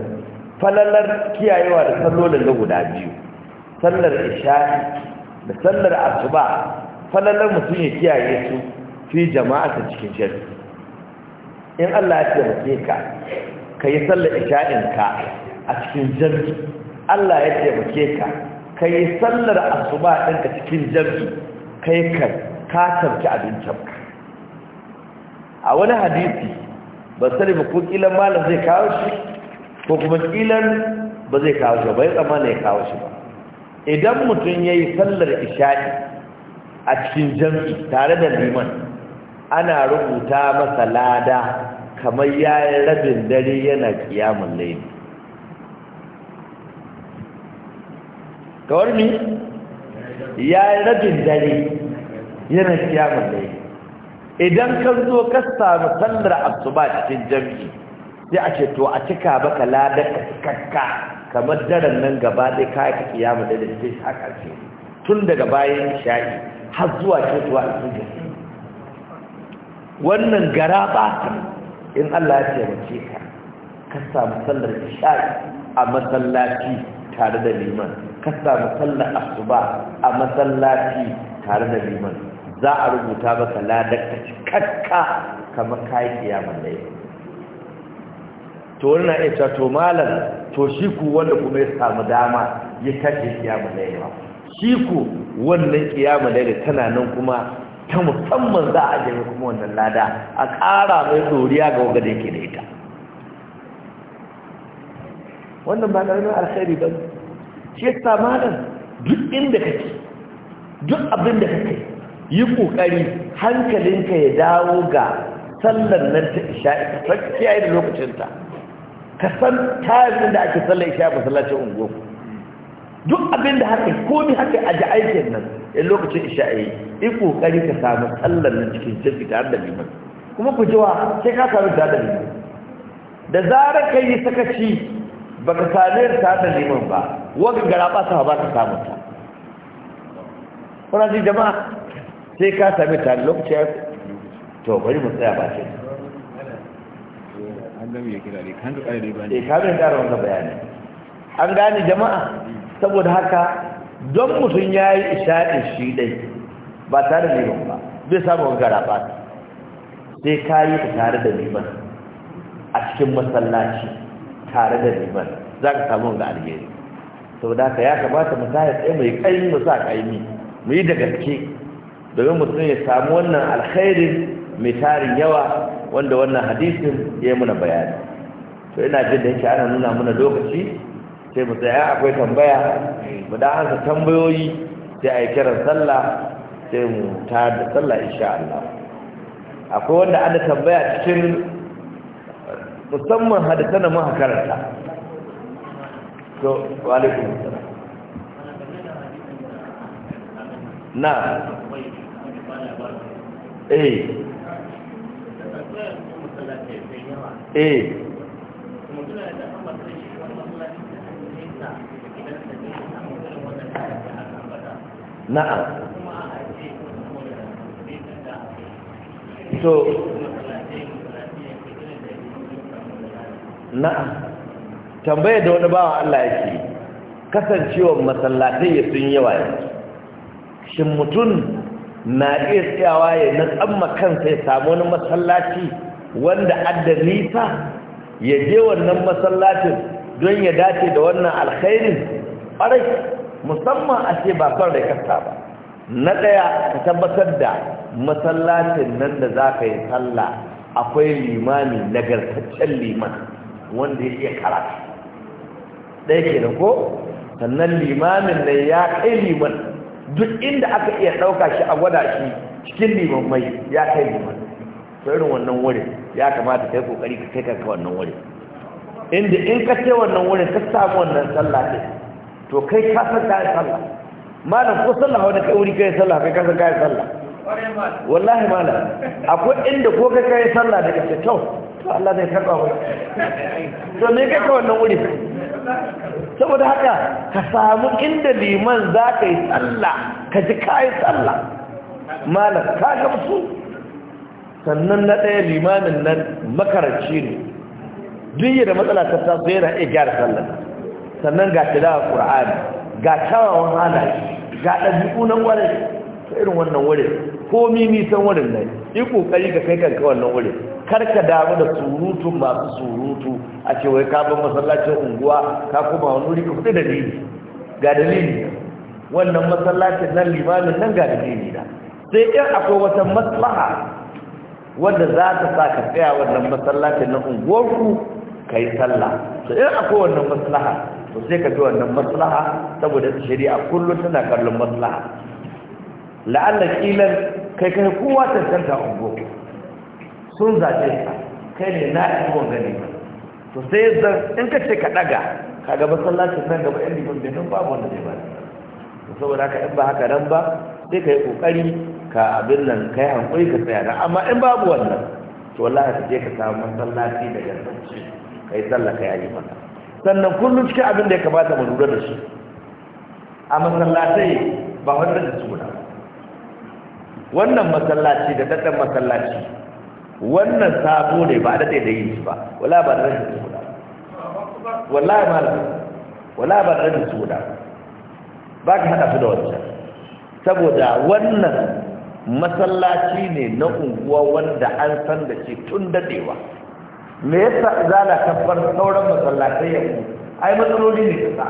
falalar kiyayewa da sallolin da guda biyu sallar isha'i da sallar asuba falalar mutum ya kiyaye su fi ta cikin jari in Allah ya taimake ka ka yi sallar isha'in ka a cikin jari Allah ya taimake ka ka yi sallar asuba ɗinka cikin jari kai ka katarci abincin. a wani hadisi ba sani ba ko kilan malam zai kawo shi ko kuma kilan ba zai kawo shi ba ya tsamana ya kawo shi ba idan mutum ya yi sallar isha'i a cikin jami'i tare da liman ana rubuta masa lada kamar ya yi rabin dare yana kiyamun laifin kawar mi ya yi rabin dare yana kiyamun laifin idan ka zo ka samu sallar asuba cikin jami'i sai a ce to a cika baka ladar kakka kamar daren nan gaba dai kai ka kiyama da dace a ƙarshe tun daga bayan shai har zuwa zuwa a cikin wannan gara ba in Allah ya taimake ka ka samu sandar a masallaci tare da liman ka samu sandar asuba a masallaci tare da liman za a rubuta baka ladar kakka kamar kayi kiyamar da to wani na iya to malam to shi ku wanda kuma ya samu dama ya tashi kiyamar da ba. shi ku wannan kiyamar da tana nan kuma ta musamman za a jami kuma wannan lada a ƙara mai doriya ga wanda yake da ita wannan ba ƙarfin alkhairi ba shi ya malam duk inda kake duk abin da kake yi ƙoƙari hankalinka ya dawo ga sallar nan ta isha'i ka san yi da lokacinta ka san tayarin da ake sallar ba masallacin ungo duk abin da haka ko ni haka a ji aikin nan in lokacin isha'i yi ƙoƙari ka samu sallar nan cikin jirgi tare da liman kuma ku jiwa sai ka samu tare da liman da zarar ka yi sakaci ba ka same ta da liman ba wani gara ba ta ba ka samu ta kuna ji jama'a sai ka sami ta lokaci to bari mu tsaya ba ce an gami eh, ka bayani an gane jama'a saboda haka don mutum ya yi ishaɗin shi dai ba tare da neman ba zai samu gara ba sai ka yi ta tare da neman a cikin masallaci tare da neman za ka samu ga alheri saboda haka ya kamata mu tsaye mai kai mu sa ƙaimi mu yi da gaske domin mutum ya samu wannan alkhairin mai tarin yawa wanda wannan hadisin ya yi muna bayani to ina jin da yake ana nuna muna lokaci sai mu tsaya akwai tambaya mu da ansa tambayoyi sai a yi kiran sallah sai mu ta da sallah insha Allah akwai wanda ana tambaya cikin musamman hadisan mun karanta to wa alaikum na Eh. eh na'am to na'am tambaye da wani bawa Allah yake kasancewar masallatai sun yawa shin mutum na iya tsayawa ya na tsamma kansa ya samu wani masallaci wanda adda nisa ya je wannan masallacin don ya dace da wannan alkhairin farai, musamman a ce ba son rai kasta ba na ɗaya ka tabbatar da masallacin nan da za ka yi sallah akwai limami nagartaccen liman wanda ya iya karatu ɗaya ke ko sannan limamin nan ya kai liman duk inda aka iya ɗauka shi a gwada shi cikin liman mai ya kai liman to irin wannan wurin ya kamata kai kokari ka kai kanka wannan wurin inda in ka ce wannan wurin ka samu wannan sallah ɗin to kai ka san kayan sallah malam ko sallah wani kai wuri kai sallah kai ka san kayan sallah wallahi malam akwai inda ko kai kai sallah daga ce to Allah zai karɓa wani to me kai ka wannan wuri saboda haka ka samu inda liman za ka yi tsalla ka ji ka yi tsalla malam ka gamsu sannan na ɗaya limanin nan makaranci ne duniya da matsala ta taso yana iya gyara sallar sannan ga dawa ƙura'ani ga kyawawan halaye ga ɗabi'u na wani ta irin wannan wurin ko mimisan wurin nan yi ƙoƙari ka kai kanka wannan wurin karka damu da surutu masu surutu a ce wai kafin masallacin unguwa ka kuma wani wuri ka da dalili ga dalili wannan masallacin nan limamin nan ga dalili da sai in akwai wata maslaha wanda za ta sa ka tsaya wannan masallacin na unguwarku ka yi sallah to in akwai wannan maslaha to sai ka ji wannan maslaha saboda shari'a kullum tana kallon maslaha la'alla kilan kai kai kowa tantanta unguwarku sun zace ka kai ne na ɗan gani ba to sai zan in ka ce ka ɗaga ka gaba sallacin nan gaba yan liman bai babu wanda zai ba to saboda haka in ba haka nan ba sai ka yi ƙoƙari ka abin nan ka yi hankali ka tsaya nan amma in babu wannan to wallahi ka je ka samu masallaci da yardance ka yi sallah ka yi maka sannan kullum cikin abin da ya kamata mu lura da shi a masallatai ba wanda da suna wannan masallaci da daddan masallaci wannan sabo ne ba da da yin shi ba wala ba da rashin suda wallahi malam wala ba da rashin suda ba ka hada su da wancan saboda wannan masallaci ne na unguwa wanda an san da shi tun dadewa me yasa zala kafar sauran masallatai ya ku ai matsaloli ne ka sa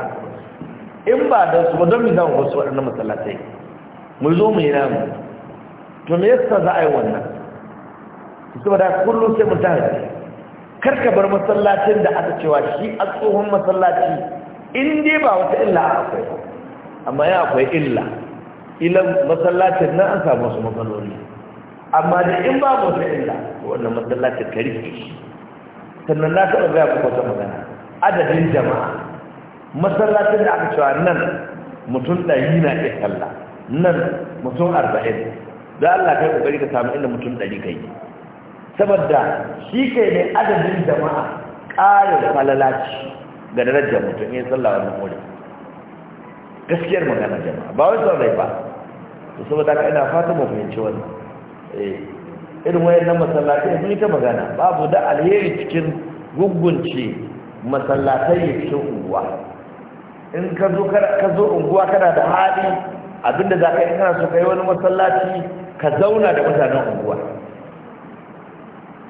in ba da su ba don mu zama wasu waɗannan masallatai mu zo mu yi namu to me yasa za a yi wannan da kullum sai mu tashi kar ka bar masallacin da aka cewa shi a tsohon masallaci in dai ba wata illa akwai amma ya akwai illa ilan masallacin nan an samu su matsaloli amma da in ba wata illa wannan masallacin ka rike shi sannan na taɓa gaya muku wata magana adadin jama'a masallacin da aka cewa nan mutum ɗari na iya sallah nan mutum arba'in da Allah kai ƙoƙari ka samu inda mutum ɗari kai saboda shi kai ne adadin jama'a ƙarin falalaci ga darajar mutum ya sallah wani wurin gaskiyar magana jama'a ba wai son rai ba to saboda ka ina fata mu fahimci wannan eh irin wayannan masallatai fi ta magana babu da alheri cikin gungunci masallatai cikin unguwa in ka zo ka zo unguwa kana da hali abinda za ka yi kana so ka yi wani masallaci ka zauna da mutanen unguwa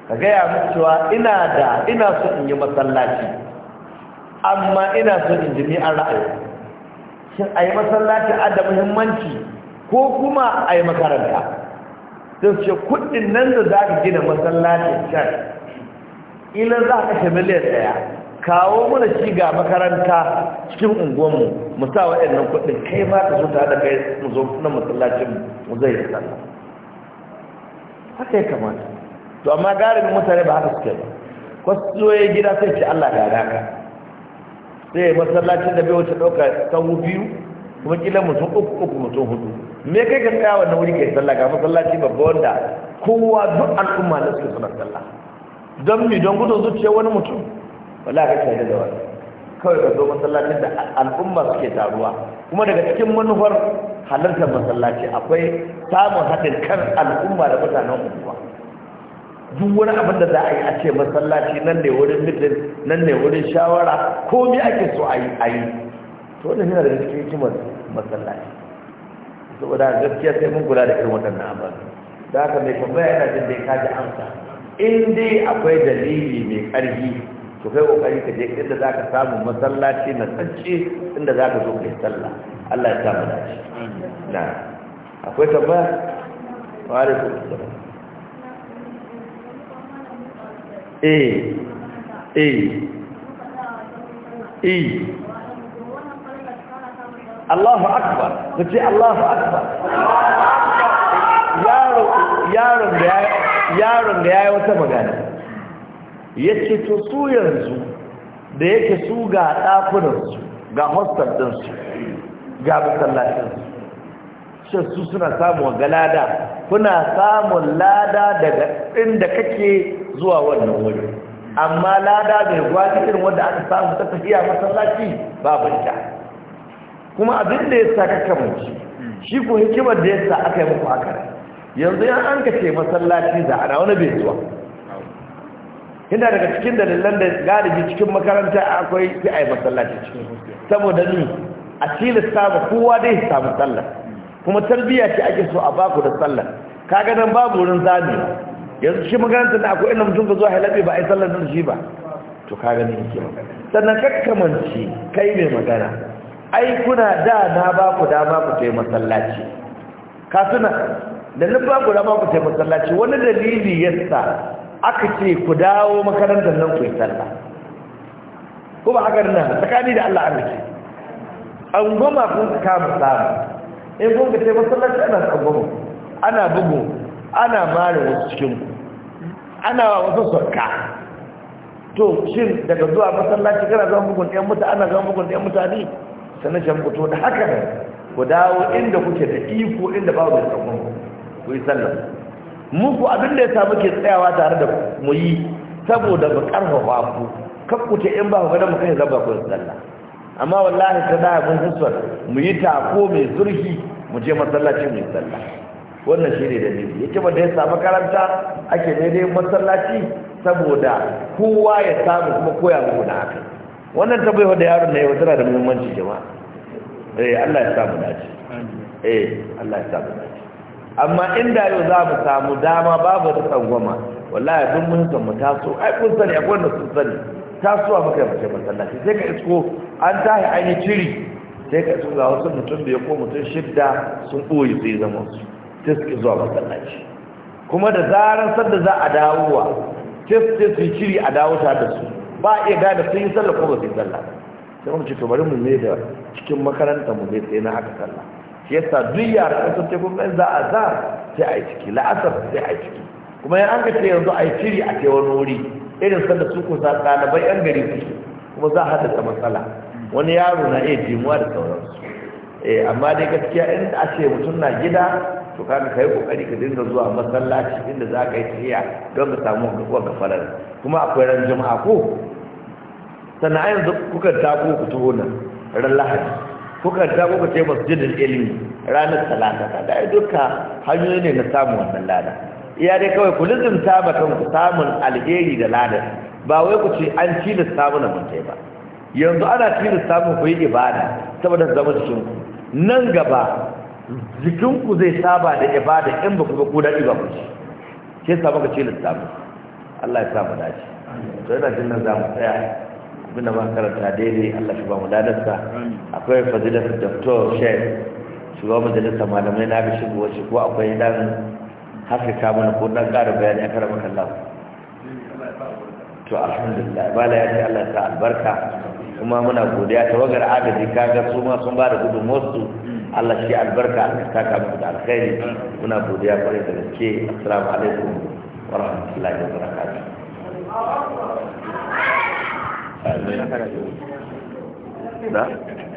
ka gaya musu cewa ina da ina so in yi masallaci amma ina so in ji an ra'ayi shin a yi masallaci a da muhimmanci ko kuma a yi makaranta don ce kudin nan da za ka gina masallacin can ilan za ka kashe miliyan ɗaya. kawo mana shi ga makaranta cikin unguwanmu mu sa waɗannan kudin kai ma ka zuta da kai mu zo na masallacin mu zai yi sallah haka ya kamata to amma garin mutane ba haka suke ba kwastoye gida sai ce Allah ga naka sai masallaci da bai wuce ɗauka sahu biyu kuma kila mutum uku uku mutum hudu me kai ka tsaya wannan wuri kai sallah ga masallaci babba wanda kowa duk al'umma na suke suna sallah don mi don gudun zuciya wani mutum wala ka shaida da wani kawai ka zo masallacin da al'umma suke taruwa kuma daga cikin manufar halartar masallaci akwai samun haɗin kan al'umma da mutanen unguwa duk wani abin da za a yi a ce masallaci nan ne wurin mitin nan ne wurin shawara ko mi ake so a yi a yi to wannan yana da cikin hikimar masallaci saboda gaskiya sai mun kula da irin waɗannan abin da haka mai tambaya yana jin da ya kaji amsa in dai akwai dalili mai ƙarfi to kai kokari ka je inda za ka samu masallaci na tsance inda za ka zo kai sallah Allah ya samu dace na akwai tambaya wa alaikum assalam eh eh eh Allahu akbar ce Allahu akbar yaro yaron da yayi yaron da yayi wata magana yace to su yanzu da yake su ga dakunan su ga hostel din su ga masallacin su su suna samun galada kuna samun lada daga inda kake zuwa wannan wuri amma lada mai gwaji irin wanda aka samu ta tafiya masallaci babu ita kuma abin da ya sa ka kamanci shi ko hikimar da ya sa aka yi muku haka yanzu yan an kace masallaci za a wani bai zuwa ina daga cikin dalilan da galibi cikin makaranta akwai sai a masallaci cikin saboda ni a tilasta ba kowa dai samu sallah kuma tarbiyya ce ake so a baku da sallar. kaga nan babu wurin zami yanzu shi makarantar da akwai inda mutum ka zo halabe ba a yi sallar da shi ba to ka gani ne magana sannan kakkamanci kai mai magana ai kuna da na ba ku dama ku yi masallaci ka suna da na ba ku dama ku yi masallaci wani dalili yasa aka ce ku dawo makarantar nan ku yi sallah ko ba haka nan tsakani da Allah arziki an goma kun kama samu in kun ka yi masallaci ana tsangwama ana bugu ana mara wasu cikin ku ana wa wasu sauka to shin daga zuwa masallaci kana zama bugun ɗayan mutane ana zama bugun ɗayan mutane sannan can mutu da haka ne ku dawo inda kuke da iko inda babu da tsakon ku yi sallah muku abin da ya samu ke tsayawa tare da mu yi saboda mu karfafa ku kakkuce in ba ku ga da mu kai zaba ku sallah amma wallahi ta da mun husar mu yi tako mai zurfi mu je masallaci mu yi sallah wannan shi ne dalili ya ce ba da ya samu karanta ake daidai masallaci saboda kowa ya samu kuma koya muku da haka wannan baiwa da yaron na yau tana da muhimmanci jama'a eh Allah ya samu dace eh Allah ya samu dace amma inda yau za mu samu dama babu wata tsangwama wallahi duk mun san mu taso ai kun sani akwai wanda sun sani tasowa muka yi mace masallaci sai ka isko an tahi an yi ciri sai ka isko ga wasu mutum da ya ko mutum shidda sun ɓoye sai zama su zuwa masallaci kuma da zarar sadda za a dawowa sai su yi shiri a dawo ta da su ba a iya gane sun yi sallah ko ba su yi sallah sai mu ce to bari mu ne da cikin makaranta mu ne sai na haka sallah shi yasa duk yara an sun kuma za a za sai a yi ciki la'asar sai a yi ciki kuma yan an ka ce yanzu a yi shiri a kai wani wuri irin sanda su kusa ɗalibai yan gari su kuma za a haddasa matsala wani yaro na iya jimuwa da sauransu eh amma dai gaskiya inda a ce mutum na gida to kana kai kokari ka dinga zuwa masallaci inda za ka yi tsiya don ka samu gafuwa ga farar kuma akwai ran jama'a ko sannan yanzu kuka ta ku taho nan ran lahadi kuka tako ku ce masjidin ilimi ranar talata ka da duka hanyoyi ne na samun wannan lada iya dai kawai ku lizimta ba ku samun alheri da lada. ba wai ku ce an samu na mutai ba yanzu ana tilasta samu ku yi ibada saboda zama cikin nan gaba jikinku zai saba da ibada in ba ku ga ko ba ku ci ke sa maka ce lissafi Allah ya sa mu dace to yana jin nan za mu tsaya abinda ma karanta daidai Allah shi ba mu dadarsa akwai fadilar doktor shek shugaban majalisar malamai na bishin wace ko akwai dan haskaka mana ko dan ƙara bayani a karamin kallon. to alhamdulillah bala ya ce Allah ya sa albarka kuma muna godiya tawagar agaji kaga su ma sun ba da gudunmuwarsu mm. Allah shi albarka ka saka mu da alkhairi muna godiya kwarai da gaske assalamu alaikum wa rahmatullahi wa barakatuh